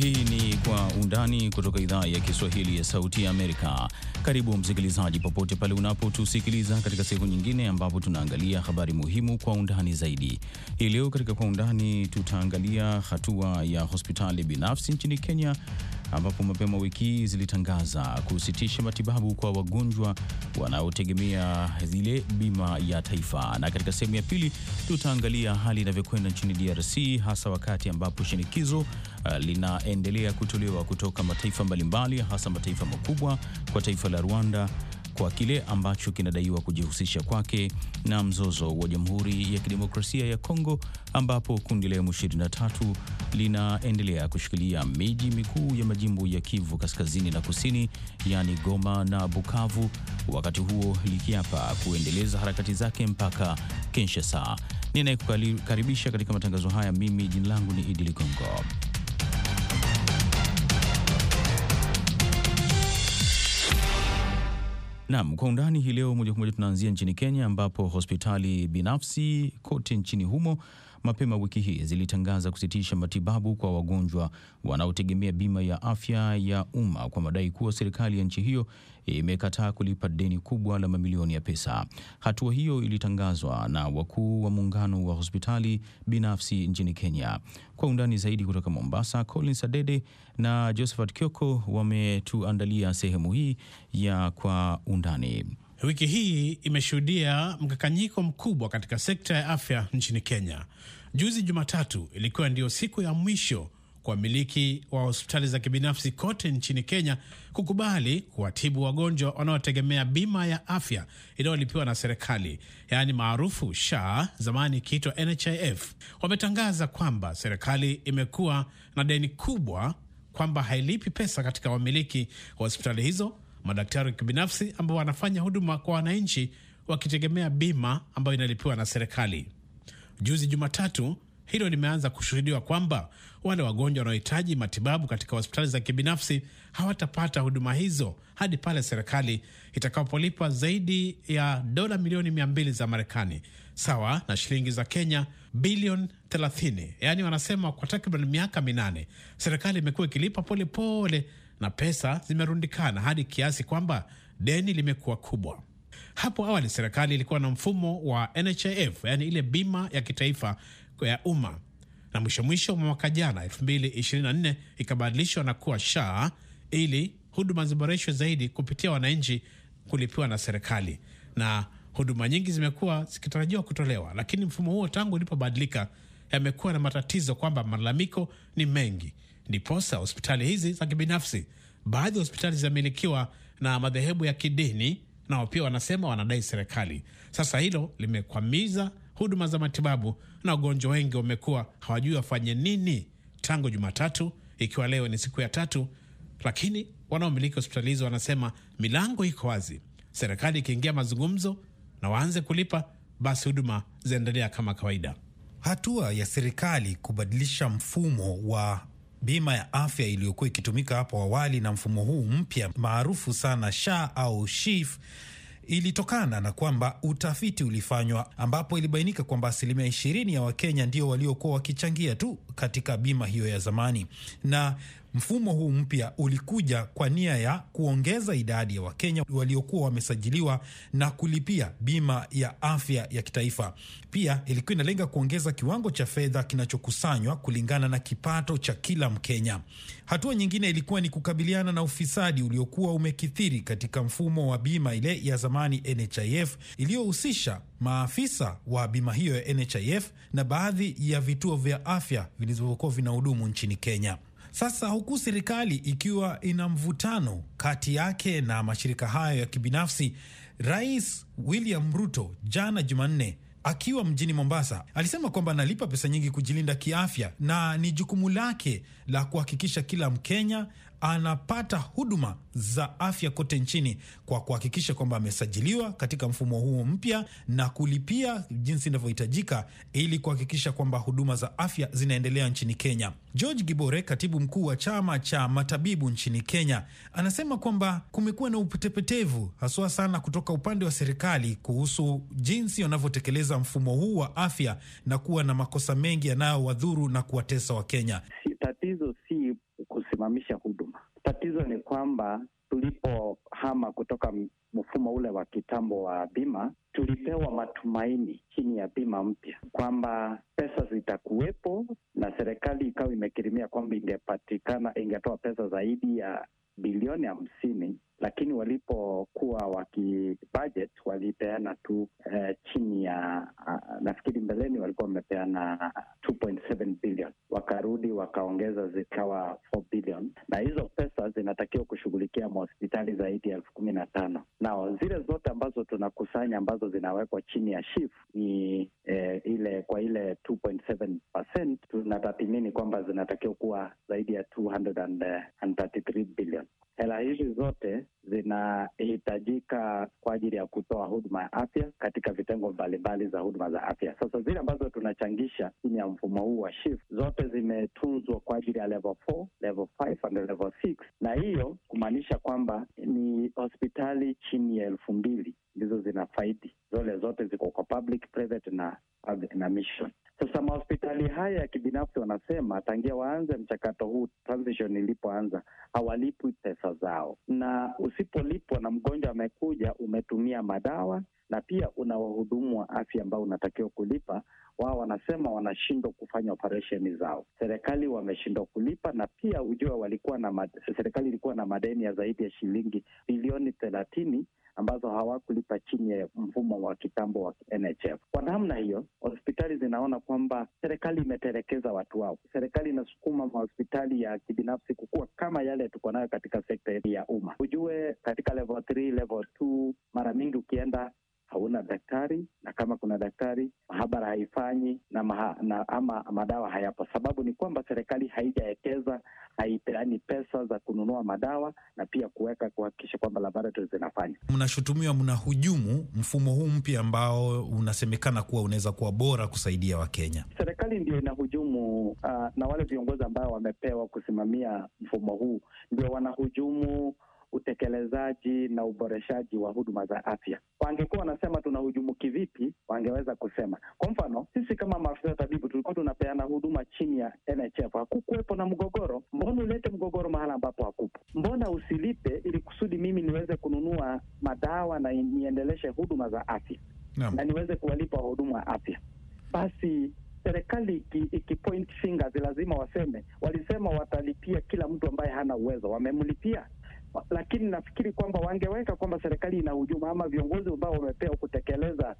Hii ni Kwa Undani kutoka idhaa ya Kiswahili ya Sauti ya Amerika. Karibu msikilizaji, popote pale unapotusikiliza katika sehemu nyingine ambapo tunaangalia habari muhimu kwa undani zaidi. Hii leo katika Kwa Undani tutaangalia hatua ya hospitali binafsi nchini Kenya ambapo mapema wiki hii zilitangaza kusitisha matibabu kwa wagonjwa wanaotegemea zile bima ya taifa. Na katika sehemu ya pili tutaangalia hali inavyokwenda nchini DRC, hasa wakati ambapo shinikizo uh, linaendelea kutolewa kutoka mataifa mbalimbali, hasa mataifa makubwa kwa taifa la Rwanda kwa kile ambacho kinadaiwa kujihusisha kwake na mzozo wa Jamhuri ya Kidemokrasia ya Kongo, ambapo kundi la M23 linaendelea kushikilia miji mikuu ya majimbo ya Kivu Kaskazini na Kusini, yaani Goma na Bukavu, wakati huo likiapa kuendeleza harakati zake mpaka Kinshasa. Ninayekukaribisha katika matangazo haya mimi jina langu ni Idi Ligongo. Naam, kwa undani hii leo moja kwa moja tunaanzia nchini Kenya ambapo hospitali binafsi kote nchini humo mapema wiki hii zilitangaza kusitisha matibabu kwa wagonjwa wanaotegemea bima ya afya ya umma kwa madai kuwa serikali ya nchi hiyo imekataa kulipa deni kubwa la mamilioni ya pesa. Hatua hiyo ilitangazwa na wakuu wa muungano wa hospitali binafsi nchini Kenya. Kwa undani zaidi kutoka Mombasa, Collins Adede na Josephat Kioko wametuandalia sehemu hii ya kwa undani wiki hii imeshuhudia mkakanyiko mkubwa katika sekta ya afya nchini Kenya. Juzi Jumatatu ilikuwa ndio siku ya mwisho kwa wamiliki wa hospitali za kibinafsi kote nchini Kenya kukubali kuwatibu wagonjwa wanaotegemea bima ya afya inayolipiwa na serikali, yaani maarufu SHA, zamani ikiitwa NHIF. Wametangaza kwamba serikali imekuwa na deni kubwa, kwamba hailipi pesa katika wamiliki wa hospitali hizo madaktari wa kibinafsi ambao wanafanya huduma kwa wananchi wakitegemea bima ambayo inalipiwa na serikali. Juzi Jumatatu, hilo limeanza kushuhudiwa kwamba wale wagonjwa wanaohitaji matibabu katika hospitali za kibinafsi hawatapata huduma hizo hadi pale serikali itakapolipa zaidi ya dola milioni mbili za Marekani, sawa na shilingi za Kenya bilioni 30. Yaani wanasema kwa takriban miaka minane serikali imekuwa ikilipa polepole na pesa zimerundikana hadi kiasi kwamba deni limekuwa kubwa. Hapo awali serikali ilikuwa na mfumo wa NHIF, yaani ile bima ya kitaifa ya umma, na mwisho mwisho mwa mwaka jana 2024 ikabadilishwa na kuwa SHA ili huduma ziboreshwe zaidi kupitia wananchi kulipiwa na serikali, na huduma nyingi zimekuwa zikitarajiwa kutolewa, lakini mfumo huo tangu ulipobadilika yamekuwa na matatizo kwamba malalamiko ni mengi. Ndiposa hospitali hizi za kibinafsi, baadhi ya hospitali zimemilikiwa na madhehebu ya kidini, nao pia wanasema wanadai serikali. Sasa hilo limekwamiza huduma za matibabu na wagonjwa wengi wamekuwa hawajui wafanye nini tangu Jumatatu, ikiwa leo ni siku ya tatu, lakini wanaomiliki hospitali hizo wanasema milango iko wazi. Serikali ikiingia mazungumzo na waanze kulipa, basi huduma zaendelea kama kawaida. Hatua ya serikali kubadilisha mfumo wa Bima ya afya iliyokuwa ikitumika hapo awali na mfumo huu mpya maarufu sana SHA au SHIF ilitokana na kwamba utafiti ulifanywa ambapo ilibainika kwamba asilimia ishirini ya Wakenya ndio waliokuwa wakichangia tu katika bima hiyo ya zamani, na Mfumo huu mpya ulikuja kwa nia ya kuongeza idadi ya Wakenya waliokuwa wamesajiliwa na kulipia bima ya afya ya kitaifa. Pia ilikuwa inalenga kuongeza kiwango cha fedha kinachokusanywa kulingana na kipato cha kila Mkenya. Hatua nyingine ilikuwa ni kukabiliana na ufisadi uliokuwa umekithiri katika mfumo wa bima ile ya zamani NHIF iliyohusisha maafisa wa bima hiyo ya NHIF na baadhi ya vituo vya afya vilivyokuwa vinahudumu nchini Kenya. Sasa huku serikali ikiwa ina mvutano kati yake na mashirika hayo ya kibinafsi, Rais William Ruto jana Jumanne akiwa mjini Mombasa alisema kwamba analipa pesa nyingi kujilinda kiafya na ni jukumu lake la kuhakikisha kila Mkenya anapata huduma za afya kote nchini kwa kuhakikisha kwamba amesajiliwa katika mfumo huo mpya na kulipia jinsi inavyohitajika ili kuhakikisha kwamba huduma za afya zinaendelea nchini Kenya. George Gibore, katibu mkuu wa chama cha matabibu nchini Kenya, anasema kwamba kumekuwa na upetepetevu haswa sana kutoka upande wa serikali kuhusu jinsi wanavyotekeleza mfumo huu wa afya na kuwa na makosa mengi yanayowadhuru na kuwatesa Wakenya. Tatizo si kusimamisha kwamba tulipohama kutoka mfumo ule wa kitambo wa bima, tulipewa matumaini chini ya bima mpya kwamba pesa zitakuwepo, na serikali ikawa imekirimia kwamba ingepatikana, ingetoa pesa zaidi ya bilioni hamsini, lakini walipokuwa waki walipeana tu eh, chini ya uh, nafikiri mbeleni walikuwa wamepeana 2.7 bilioni wakaru wakaongeza zikawa 4 bilioni, na hizo pesa zinatakiwa kushughulikia mahospitali zaidi ya elfu kumi na tano na zile zote ambazo tunakusanya ambazo zinawekwa chini ya SHIF ni eh, ile kwa ile 2.7% tunatathimini kwamba zinatakiwa kuwa zaidi ya 233 Hela hizi zote zinahitajika kwa ajili ya kutoa huduma ya afya katika vitengo mbalimbali za huduma za afya. Sasa zile ambazo tunachangisha chini ya mfumo huu wa SHIF zote zimetunzwa kwa ajili ya level 4, level 5 and level 6, na hiyo kumaanisha kwamba ni hospitali chini ya elfu mbili ndizo zinafaidi, zole zote ziko kwa public, private na public na mission. Sasa mahospitali haya ya kibinafsi wanasema tangia waanze mchakato huu transition ilipoanza, hawalipwi pesa zao, na usipolipwa na mgonjwa amekuja, umetumia madawa na pia una wahudumu wa afya ambao unatakiwa kulipa. Wao wanasema wanashindwa kufanya operesheni zao, serikali wameshindwa kulipa, na pia ujue walikuwa na serikali ilikuwa na madeni ya zaidi ya shilingi bilioni thelathini ambazo hawakulipa chini ya mfumo wa kitambo wa NHF. Kwa namna hiyo, hospitali zinaona kwamba serikali imeterekeza watu wao. Serikali inasukuma mahospitali ya kibinafsi kukua kama yale tuko nayo katika sekta ya umma. Ujue katika level 3, level 2, mara mingi ukienda hauna daktari, na kama kuna daktari mahabara haifanyi na, maha, na ama madawa hayapo. Sababu ni kwamba serikali haijawekeza, haipeani pesa za kununua madawa na pia kuweka kuhakikisha kwamba laboratories zinafanya. Mnashutumiwa mnahujumu mfumo huu mpya ambao unasemekana kuwa unaweza kuwa bora kusaidia Wakenya. Serikali ndio inahujumu uh, na wale viongozi ambao wamepewa kusimamia mfumo huu ndio wanahujumu utekelezaji na uboreshaji wa huduma za afya. Wangekuwa wanasema tunahujumu kivipi, wangeweza kusema. Kwa mfano, sisi kama maafisa tabibu tulikuwa tunapeana huduma chini ya NHF, hakukuwepo na mgogoro. Mbona ulete mgogoro mahala ambapo hakupo? Mbona usilipe ili kusudi mimi niweze kununua madawa na niendeleshe huduma za afya no. na niweze kuwalipa wahudumu wa afya? Basi serikali ikipoint iki fingers lazima waseme, walisema watalipia kila mtu ambaye hana uwezo, wamemlipia lakini nafikiri kwamba wangeweka kwamba serikali ina hujuma ama viongozi ambao wamepewa kutekeleza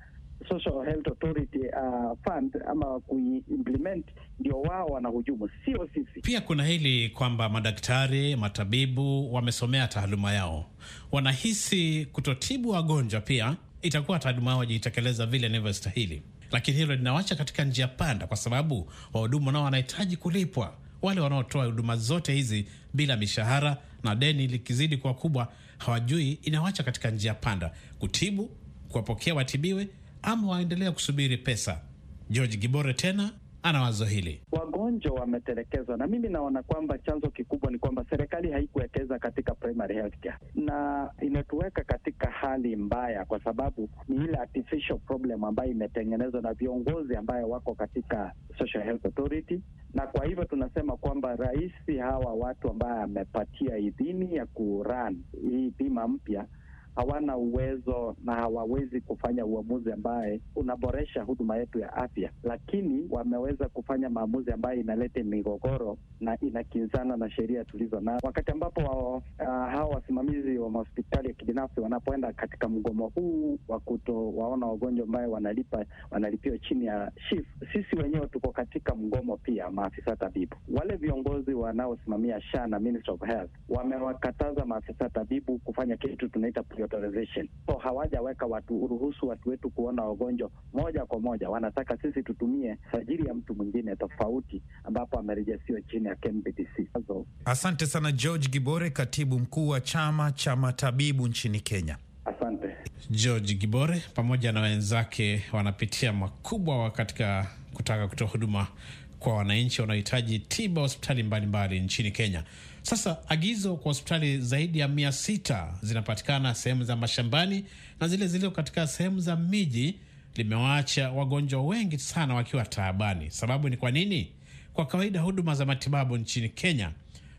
Social Health Authority uh, fund ama kuimplement ndio wao wanahujumu, sio sisi. Pia kuna hili kwamba madaktari, matabibu wamesomea taaluma yao, wanahisi kutotibu wagonjwa pia itakuwa taaluma yao wajitekeleza vile inavyostahili, lakini hilo linawacha katika njia panda, kwa sababu wahudumu nao wanahitaji kulipwa, wale wanaotoa huduma zote hizi bila mishahara na deni likizidi kuwa kubwa, hawajui inawacha katika njia panda: kutibu, kuwapokea watibiwe, ama waendelea kusubiri pesa. George Gibore tena ana wazo hili. Wagonjwa wametelekezwa, na mimi naona kwamba chanzo kikubwa ni kwamba serikali haikuwekeza katika primary healthcare na imetuweka katika hali mbaya, kwa sababu ni ile artificial problem ambayo imetengenezwa na viongozi ambayo wako katika Social Health Authority, na kwa hivyo tunasema kwamba rais, hawa watu ambaye amepatia idhini ya kuran hii bima mpya hawana uwezo na hawawezi kufanya uamuzi ambaye unaboresha huduma yetu ya afya, lakini wameweza kufanya maamuzi ambayo inaleta migogoro na inakinzana na sheria tulizo nazo, wakati ambapo uh, hawa wasimamizi wa mahospitali ya kibinafsi wanapoenda katika mgomo huu wa kutowaona wagonjwa ambaye wanalipa wanalipiwa chini ya shift. Sisi wenyewe tuko katika mgomo pia, maafisa tabibu wale viongozi wanaosimamia SHA na Ministry of Health wamewakataza maafisa tabibu kufanya kitu tunaita authorization. So hawajaweka watu, ruhusu watu wetu kuona wagonjwa moja kwa moja, wanataka sisi tutumie sajili ya mtu mwingine tofauti ambapo amerejesiwa chini ya KMPDC. So, asante sana George Gibore, katibu mkuu wa chama cha matabibu nchini Kenya. Asante George Gibore pamoja na wenzake wanapitia makubwa katika kutaka kutoa huduma kwa wananchi wanaohitaji tiba hospitali mbalimbali nchini Kenya. Sasa agizo kwa hospitali zaidi ya mia sita zinapatikana sehemu za mashambani na zile zilizo katika sehemu za miji limewaacha wagonjwa wengi sana wakiwa taabani. Sababu ni kwa nini? Kwa kawaida huduma za matibabu nchini Kenya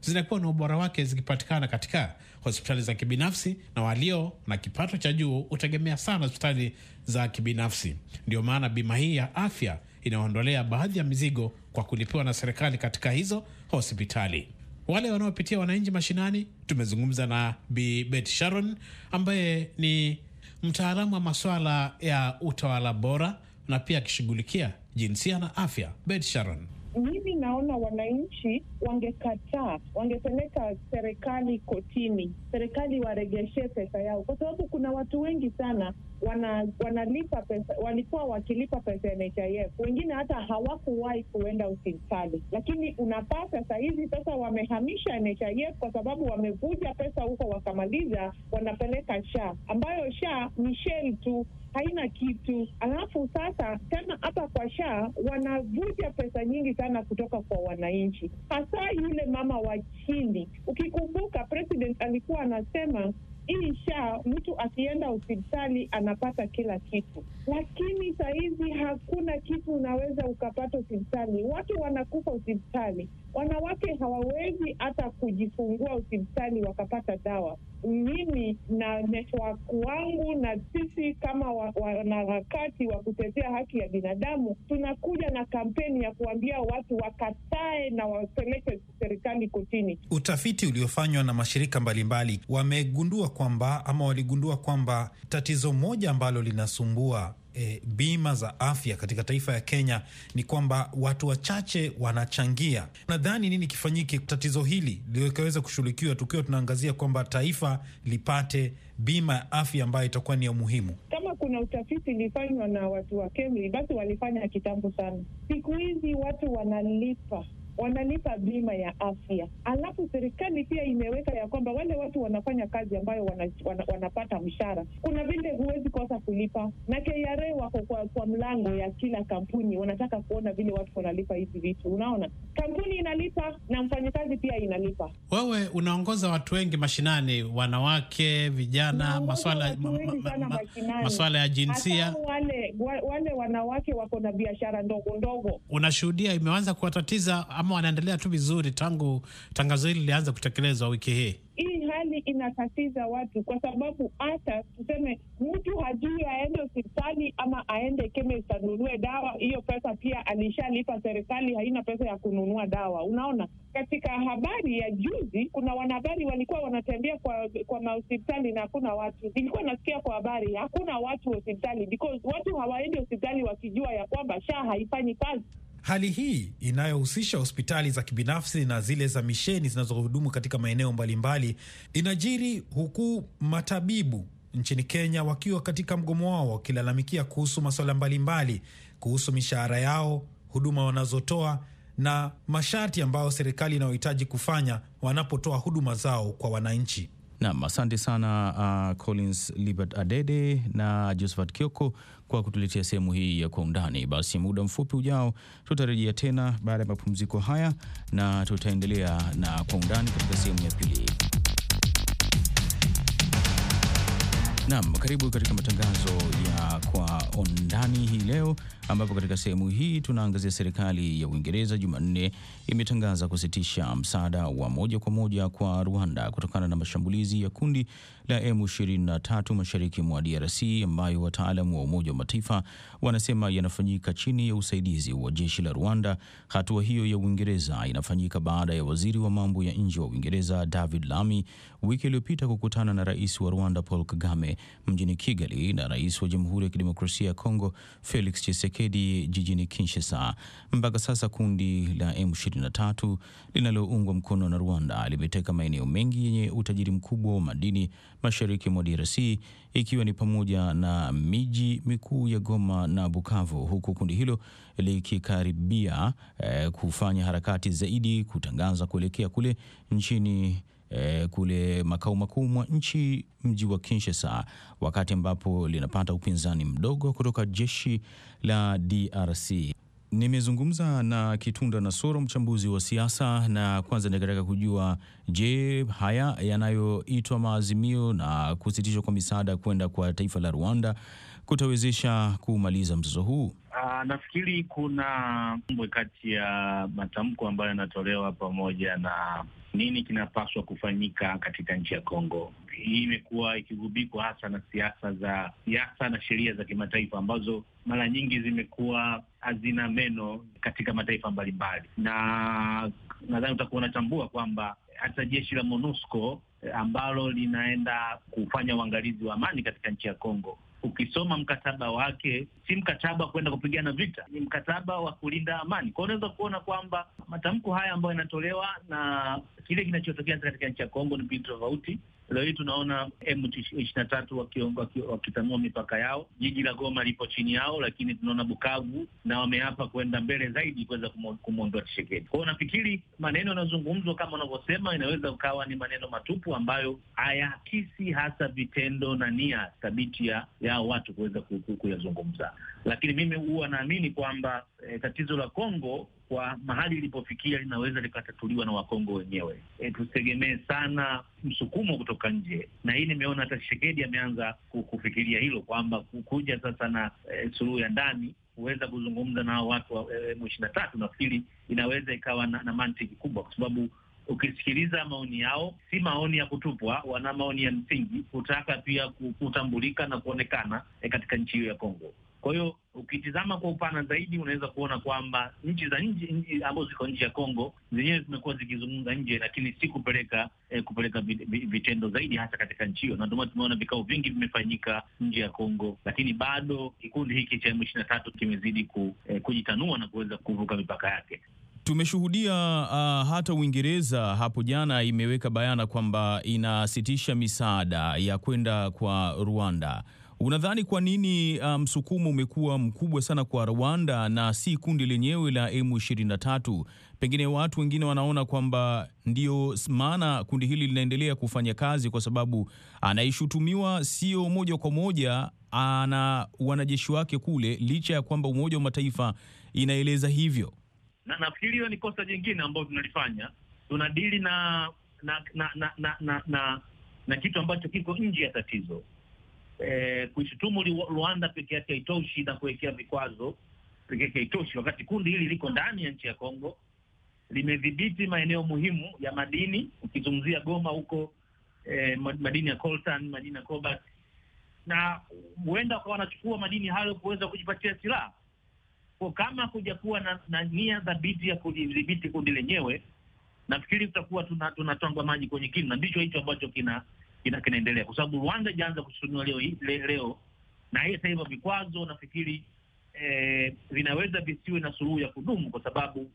zinakuwa na ubora wake zikipatikana katika hospitali za kibinafsi, na walio na kipato cha juu hutegemea sana hospitali za kibinafsi. Ndio maana bima hii ya afya inaondolea baadhi ya mizigo kwa kulipiwa na serikali katika hizo hospitali wale wanaopitia wananchi mashinani. Tumezungumza na Bi Sharon ambaye ni mtaalamu wa masuala ya utawala bora na pia akishughulikia jinsia na afya. Bet Sharon: mimi naona wananchi wangekataa, wangepeleka serikali kotini, serikali waregeshe pesa yao, kwa sababu kuna watu wengi sana wana, wanalipa pesa, walikuwa wakilipa pesa ya NHIF, wengine hata hawakuwahi kuenda hospitali, lakini unapata sahizi hizi sasa wamehamisha NHIF kwa sababu wamevuja pesa huko wakamaliza, wanapeleka SHA ambayo SHA ni shell tu haina kitu. Alafu sasa tena hapa kwa SHA wanavuja pesa nyingi sana kutoka kwa wananchi, hasa yule mama wa chini. Ukikumbuka president alikuwa anasema hii sha mtu akienda hospitali anapata kila kitu, lakini sahizi hakuna kitu unaweza ukapata hospitali. Watu wanakufa hospitali, wanawake hawawezi hata kujifungua hospitali wakapata dawa mimi na network wangu na sisi kama wanaharakati wa, wa kutetea haki ya binadamu tunakuja na kampeni ya kuambia watu wakatae na wapeleke serikali kotini. Utafiti uliofanywa na mashirika mbalimbali wamegundua kwamba ama waligundua kwamba tatizo moja ambalo linasumbua e, bima za afya katika taifa ya Kenya ni kwamba watu wachache wanachangia. Nadhani nini kifanyike tatizo hili likaweza kushughulikiwa, tukiwa tunaangazia kwamba taifa lipate bima ya afya ambayo itakuwa ni ya muhimu. Kama kuna utafiti ilifanywa na watu wa KEMRI, basi walifanya kitambo sana. Siku hizi watu wanalipa wanalipa bima ya afya, alafu serikali pia imeweka ya kwamba wale watu wanafanya kazi ambayo wana, wana, wanapata mshahara, kuna vile huwezi kosa kulipa, na KRA wako kwa, kwa mlango ya kila kampuni, wanataka kuona vile watu wanalipa hizi vitu. Unaona, kampuni inalipa na mfanyakazi pia inalipa. Wewe unaongoza watu wengi mashinani, wanawake, vijana, maswala maswala ya jinsia. wale wale wanawake wako na biashara ndogo ndogo, unashuhudia imeanza kuwatatiza ama wanaendelea tu vizuri tangu tangazo hili lilianza kutekelezwa wiki hii? Hii hali inatatiza watu kwa sababu hata tuseme mtu hajui aende hospitali ama aende chemist anunue dawa. Hiyo pesa pia alishalipa serikali, haina pesa ya kununua dawa. Unaona, katika habari ya juzi, kuna wanahabari walikuwa wanatembea kwa kwa mahospitali na hakuna watu. Nilikuwa nasikia kwa habari hakuna watu hospitali because watu hawaendi hospitali wakijua ya kwamba SHA haifanyi kazi. Hali hii inayohusisha hospitali za kibinafsi na zile za misheni zinazohudumu katika maeneo mbalimbali inajiri huku matabibu nchini Kenya wakiwa katika mgomo wao wakilalamikia kuhusu masuala mbalimbali kuhusu mishahara yao, huduma wanazotoa na masharti ambayo serikali inayohitaji kufanya wanapotoa huduma zao kwa wananchi. Naam, asante sana uh, Collins Libert Adede na Josephat Kioko kwa kutuletea sehemu hii ya kwa undani. Basi muda mfupi ujao tutarejea tena baada ya mapumziko haya na tutaendelea na kwa undani katika sehemu ya pili. Naam, karibu katika matangazo ya kwa undani hii leo ambapo katika sehemu hii tunaangazia serikali ya Uingereza Jumanne imetangaza kusitisha msaada wa moja kwa moja kwa Rwanda kutokana na mashambulizi ya kundi la M23 mashariki mwa DRC ambayo wataalamu wa Umoja wa Mataifa wanasema yanafanyika chini ya usaidizi wa jeshi la Rwanda. Hatua hiyo ya Uingereza inafanyika baada ya waziri wa mambo ya nje wa Uingereza David Lamy wiki iliyopita kukutana na rais wa Rwanda Paul Kagame mjini Kigali na rais wa Jamhuri ya Kidemokrasia ya Kongo Felix Tshisekedi Tshisekedi jijini Kinshasa. Mpaka sasa kundi la M23 linaloungwa mkono na Rwanda limeteka maeneo mengi yenye utajiri mkubwa wa madini mashariki mwa DRC ikiwa ni pamoja na miji mikuu ya Goma na Bukavu, huku kundi hilo likikaribia eh, kufanya harakati zaidi kutangaza kuelekea kule nchini eh, kule makao makuu mwa nchi mji wa Kinshasa, wakati ambapo linapata upinzani mdogo kutoka jeshi la DRC. Nimezungumza na Kitunda Nasoro, mchambuzi wa siasa, na kwanza nikataka kujua, je, haya yanayoitwa maazimio na kusitishwa kwa misaada kwenda kwa taifa la Rwanda kutawezesha kumaliza mzozo huu? Uh, nafikiri kuna mbwe kati ya matamko ambayo yanatolewa pamoja na nini kinapaswa kufanyika katika nchi ya Kongo. Hii imekuwa ikigubikwa hasa na siasa za siasa na sheria za kimataifa ambazo mara nyingi zimekuwa hazina meno katika mataifa mbalimbali, na nadhani utakuwa unatambua kwamba hata jeshi la MONUSCO eh, ambalo linaenda kufanya uangalizi wa amani katika nchi ya Kongo ukisoma mkataba wake, si mkataba wa kuenda kupigana vita, ni mkataba wa kulinda amani. Kwao unaweza kuona kwamba matamko haya ambayo yanatolewa na kile kinachotokea katika nchi ya Kongo ni vitu tofauti. Leo hii tunaona M 23 na tatu wakitanua mipaka yao, jiji la Goma lipo chini yao, lakini tunaona Bukavu na wameapa kwenda mbele zaidi kuweza kumwondoa Tshisekedi. Kwa hiyo nafikiri maneno yanayozungumzwa kama unavyosema, inaweza ukawa ni maneno matupu ambayo hayaakisi hasa vitendo na nia thabiti ya, ya watu kuweza kuyazungumza, lakini mimi huwa naamini kwamba eh, tatizo la Kongo kwa mahali ilipofikia linaweza likatatuliwa na Wakongo wenyewe. E, tusitegemee sana msukumo kutoka nje, na hii nimeona hata Shekedi ameanza kufikiria hilo kwamba kuja sasa na e, suluhu ya ndani huweza kuzungumza na hao watu wa emu e, ishirini na tatu. Nafikiri inaweza ikawa na, na mantiki kubwa, kwa sababu ukisikiliza maoni yao si maoni ya kutupwa, wana maoni ya msingi kutaka pia kutambulika na kuonekana e, katika nchi hiyo ya Kongo. Kwa hiyo ukitizama kwa upana zaidi, unaweza kuona kwamba nchi za nje ambazo ziko nje ya Kongo zenyewe zimekuwa zikizungumza nje, lakini si kupeleka eh, kupeleka vitendo zaidi hasa katika nchi hiyo, na ndio maana tumeona vikao vingi vimefanyika nje ya Kongo, lakini bado kikundi hiki cha emu ishirini na tatu kimezidi ku, eh, kujitanua na kuweza kuvuka mipaka yake. Tumeshuhudia uh, hata Uingereza hapo jana imeweka bayana kwamba inasitisha misaada ya kwenda kwa Rwanda. Unadhani kwa nini uh, msukumo um, umekuwa mkubwa sana kwa Rwanda na si kundi lenyewe la M23? Pengine watu wengine wanaona kwamba ndio maana kundi hili linaendelea kufanya kazi, kwa sababu anaishutumiwa sio moja kwa moja, ana wanajeshi wake kule, licha ya kwamba Umoja wa Mataifa inaeleza hivyo. Na nafikiri hiyo ni kosa jingine ambayo tunalifanya, tunadili na na na na, na, na, na, na kitu ambacho kiko nje ya tatizo eh, kuishutumu Rwanda peke yake haitoshi na kuwekea vikwazo peke yake haitoshi, wakati kundi hili liko ndani ya nchi ya Kongo, limedhibiti maeneo muhimu ya madini. Ukizungumzia Goma huko eh, madini ya coltan, madini ya cobalt, na huenda wakawa wanachukua madini hayo kuweza kujipatia silaha kwa kama kujakuwa na, na nia dhabiti ya kudhibiti kundi lenyewe, nafikiri tutakuwa tunatwangwa tuna maji kwenye kinu, na ndicho hicho ambacho kina ina kinaendelea, kwa sababu Rwanda ijaanza kushutumiwa leo, le, leo na hii sasa vikwazo nafikiri eh, vinaweza visiwe na suluhu ya kudumu, kwa sababu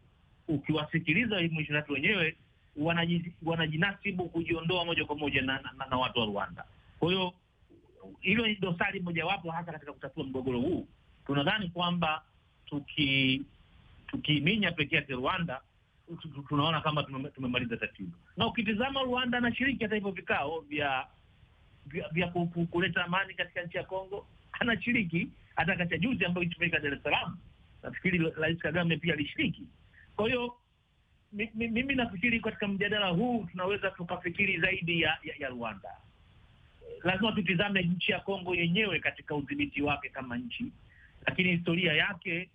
ukiwasikiliza M23 wenyewe wanajinasibu kujiondoa moja kwa moja na, na, na watu wa Rwanda. Kwa hiyo hilo ni dosari mojawapo hasa katika kutatua mgogoro huu. Tunadhani kwamba tuki tukiminya peke yake Rwanda tunaona kama tumemaliza tatizo. Na ukitizama Rwanda anashiriki hata hivyo vikao vya vya kuleta amani katika nchi ya Kongo, anashiriki hata katika juzi ambayo itumika Dar es Salaam, nafikiri Rais Kagame pia alishiriki. Kwa hiyo mimi nafikiri katika mjadala huu tunaweza tukafikiri zaidi ya, ya, ya Rwanda. Lazima tutizame nchi ya Kongo yenyewe katika udhibiti wake kama nchi, lakini historia yake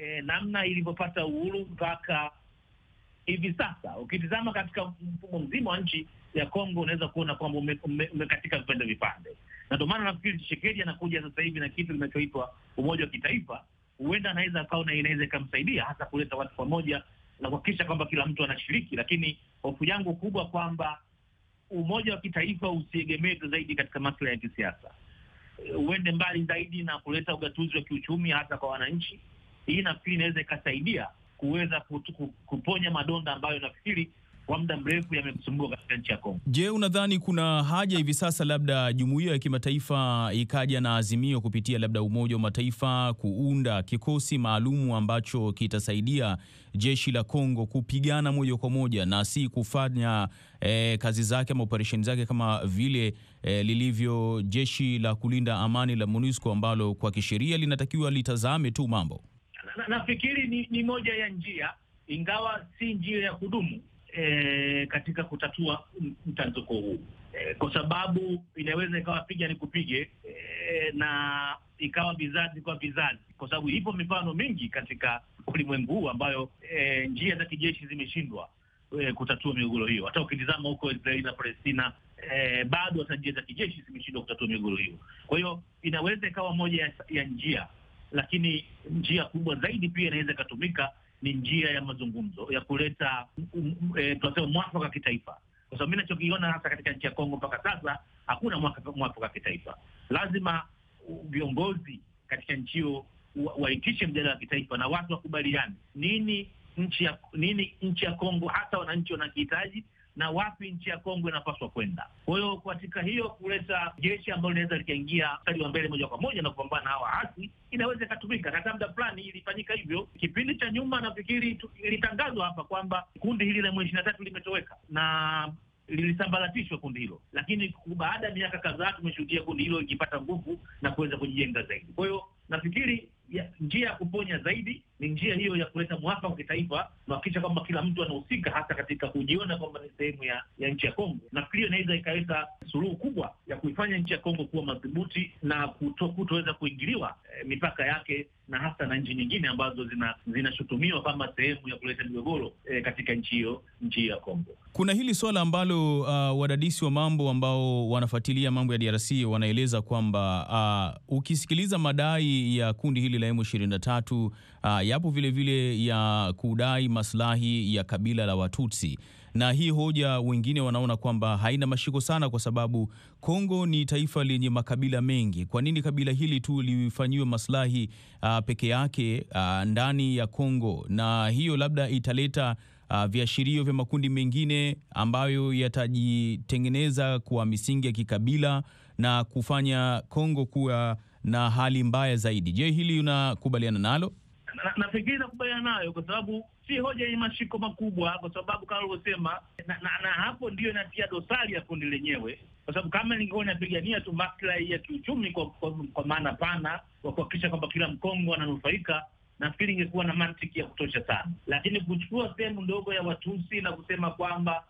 eh, namna ilivyopata uhuru mpaka hivi sasa. Ukitizama katika mfumo mzima wa nchi ya Kongo, unaweza kuona kwamba umekatika vipande vipande, na ndio maana nafikiri Tshisekedi anakuja sasa hivi na kitu kinachoitwa umoja wa kitaifa. Huenda anaweza akaona inaweza ikamsaidia hasa kuleta watu pamoja na kuhakikisha kwamba kila mtu anashiriki, lakini hofu yangu kubwa kwamba umoja wa kitaifa usiegemee zaidi katika maslahi ya kisiasa, uende mbali zaidi na kuleta ugatuzi wa kiuchumi hata kwa wananchi. Hii nafikiri inaweza ikasaidia kuweza kuponya madonda ambayo nafikiri kwa muda mrefu yamemsumbua katika nchi ya Kongo. Je, unadhani kuna haja hivi sasa labda jumuiya ya kimataifa ikaja na azimio kupitia labda Umoja wa Mataifa kuunda kikosi maalumu ambacho kitasaidia jeshi la Kongo kupigana moja kwa moja na si kufanya eh, kazi zake ama operesheni zake kama vile eh, lilivyo jeshi la kulinda amani la MONUSCO ambalo kwa kisheria linatakiwa litazame tu mambo nafikiri ni, ni moja ya njia, ingawa si njia ya kudumu e, katika kutatua mtanzuko huu e, kwa sababu inaweza ikawa piga ni kupige e, na ikawa vizazi kwa vizazi, kwa sababu ipo mifano mingi katika ulimwengu huu ambayo e, njia za kijeshi zimeshindwa e, kutatua migogoro hiyo. Hata ukitizama huko Israeli na Palestina e, bado hata njia za kijeshi zimeshindwa kutatua migogoro hiyo. Kwa hiyo inaweza ikawa moja ya, ya njia lakini njia kubwa zaidi pia inaweza ikatumika ni njia ya mazungumzo ya kuleta um, um, eh, tunasema mwafaka wa kitaifa, kwa sababu mi nachokiona hasa katika nchi ya Kongo mpaka sasa hakuna mwafaka wa kitaifa. Lazima viongozi katika nchi hiyo waitishe mjadala wa kitaifa na watu wakubaliani nini nchi ya nini nchi ya Kongo hasa wananchi wanakihitaji na wapi nchi ya Kongo inapaswa kwenda. Kwa hiyo katika hiyo kuleta jeshi ambalo linaweza likaingia mstari wa mbele moja kwa moja na kupambana na hawa waasi inaweza ikatumika. Katika muda fulani ilifanyika hivyo, kipindi cha nyuma nafikiri ilitangazwa hapa kwamba kundi hili la M ishirini na tatu limetoweka na lilisambaratishwa kundi hilo, lakini baada ya miaka kadhaa tumeshuhudia kundi hilo ikipata nguvu na kuweza kujijenga zaidi. Kwa hiyo nafikiri njia ya kuponya zaidi ni njia hiyo ya kuleta mwaka wa kitaifa, kuhakikisha kwamba kila mtu anahusika, hasa katika kujiona kwamba ni sehemu ya, ya nchi ya Kongo. Nafikiri inaweza ikaleta suluhu kubwa ya kuifanya nchi ya Kongo kuwa madhubuti na kutoweza kuingiliwa e, mipaka yake na hasa na nchi nyingine ambazo zinashutumiwa zina kama sehemu ya kuleta migogoro e, katika nchi hiyo, nchi ya Kongo. Kuna hili swala ambalo uh, wadadisi wa mambo ambao wanafuatilia mambo ya DRC wanaeleza kwamba uh, ukisikiliza madai ya kundi hili la M23 uh, yapo vilevile ya kudai maslahi ya kabila la Watutsi na hii hoja wengine wanaona kwamba haina mashiko sana, kwa sababu Kongo ni taifa lenye makabila mengi. Kwa nini kabila hili tu lifanyiwe maslahi uh, peke yake uh, ndani ya Kongo? Na hiyo labda italeta uh, viashirio vya makundi mengine ambayo yatajitengeneza kwa misingi ya kikabila na kufanya Kongo kuwa na hali mbaya zaidi. Je, hili unakubaliana nalo? nafikiri na, na kubaliana nayo kwa sababu si hoja yenye mashiko makubwa, kwa sababu kama ulivyosema, na, na, na hapo ndiyo inatia dosari ya kundi lenyewe, kwa sababu kama ningekuwa inapigania tu maslahi ya kiuchumi kwa, kwa, kwa maana pana kwa kuhakikisha kwamba kila Mkongo ananufaika nafikiri ingekuwa na mantiki ya kutosha sana, lakini kuchukua sehemu ndogo ya Watusi na kusema kwamba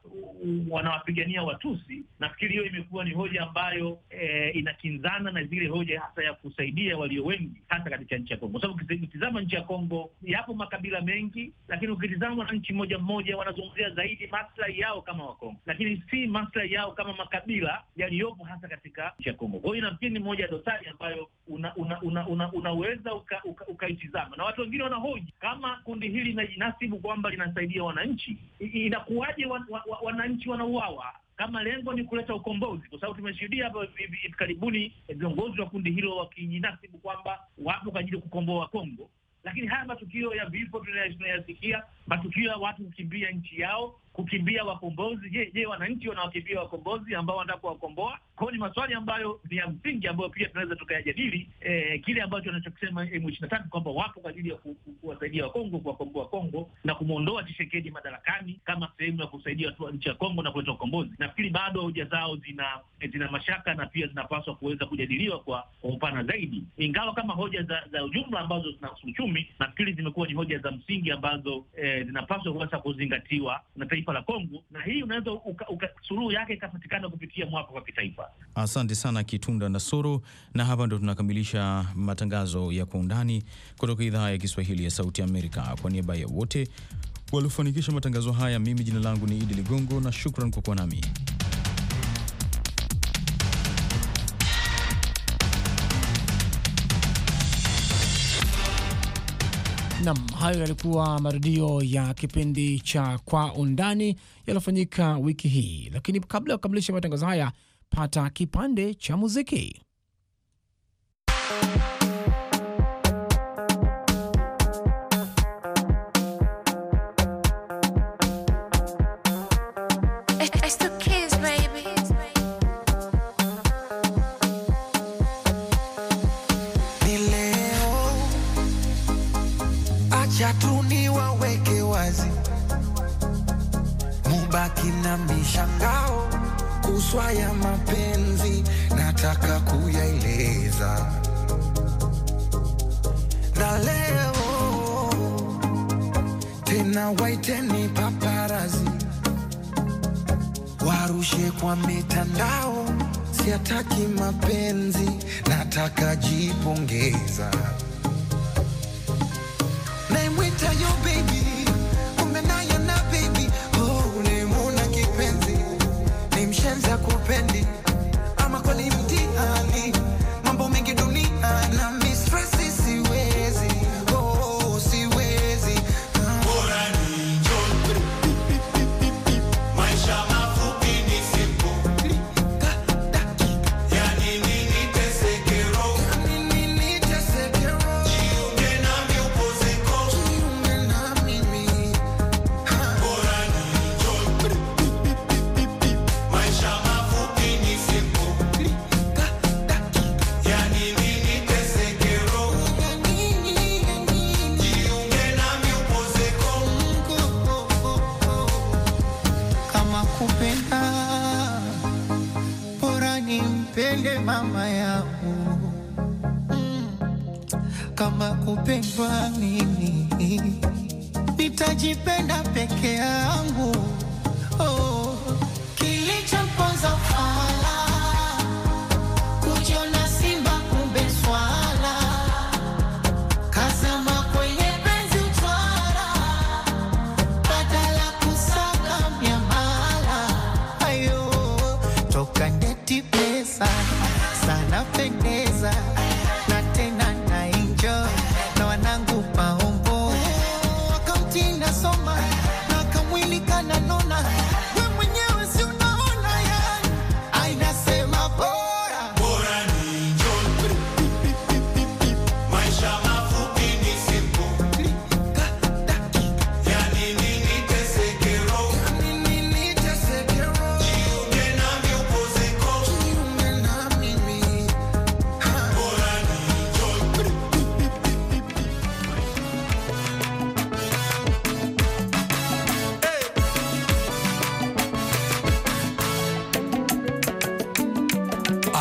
wanawapigania Watusi, nafikiri hiyo imekuwa ni hoja ambayo e, inakinzana na zile hoja hasa ya kusaidia walio wengi, hasa katika nchi ya Kongo, kwa sababu ukitizama nchi ya Kongo yapo makabila mengi, lakini ukitizama wananchi moja mmoja wanazungumzia zaidi maslahi yao kama Wakongo, lakini si maslahi yao kama makabila yaliyopo hasa katika nchi ya Kongo. Kwa hiyo nafikiri ni moja ya dosari ambayo una, una, una, una, unaweza ukaitizama uka, uka na watu watu wengine wanahoji kama kundi hili linajinasibu kwamba linasaidia wananchi, inakuwaje wananchi wa, wa, wanauawa kama lengo ni kuleta ukombozi, kwa sababu tumeshuhudia hapa hivi karibuni eh, viongozi wa kundi hilo wakijinasibu kwamba wapo kwa ajili ya kukomboa Kongo, lakini haya matukio ya vifo tunayasikia, matukio ya watu kukimbia nchi yao, kukimbia wakombozi. Je, je, wananchi wanawakimbia wakombozi ambao wanataka kuwakomboa? Kwa hiyo ni maswali ambayo ni ya msingi ambayo pia tunaweza tukayajadili, eh, kile ambacho anachokisema M23 kwamba wapo kwa ajili ya kuwasaidia Wakongo, kuwakomboa Kongo na kumwondoa Tshisekedi madarakani kama sehemu ya kusaidia watu wa nchi ya Kongo na kuleta ukombozi. Nafikiri bado hoja zao zina zina mashaka na pia zinapaswa kuweza kujadiliwa kwa upana zaidi, ingawa kama hoja za, za ujumla ambazo zinahusu uchumi, nafikiri zimekuwa ni hoja za msingi ambazo eh, zinapaswa kuweza kuzingatiwa na taifa la Kongo, na hii unaweza suruhu suluhu yake ikapatikana kupitia mwafaka wa kitaifa. Asante sana Kitunda Nasoro, na hapa ndo tunakamilisha matangazo ya Kwa Undani kutoka idhaa ya Kiswahili ya Sauti Amerika. Kwa niaba ya wote waliofanikisha matangazo haya, mimi jina langu ni Idi Ligongo na shukran kwa kuwa nami. Nam, hayo yalikuwa marudio ya kipindi cha Kwa Undani yaliyofanyika wiki hii, lakini kabla ya kukamilisha matangazo haya pata kipande cha muziki. I, I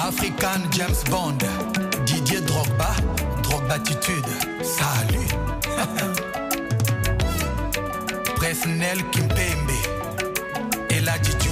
African James Bond, Didier Drogba, Drogbatitude, salut. Presnel Kimpembe et l'attitude.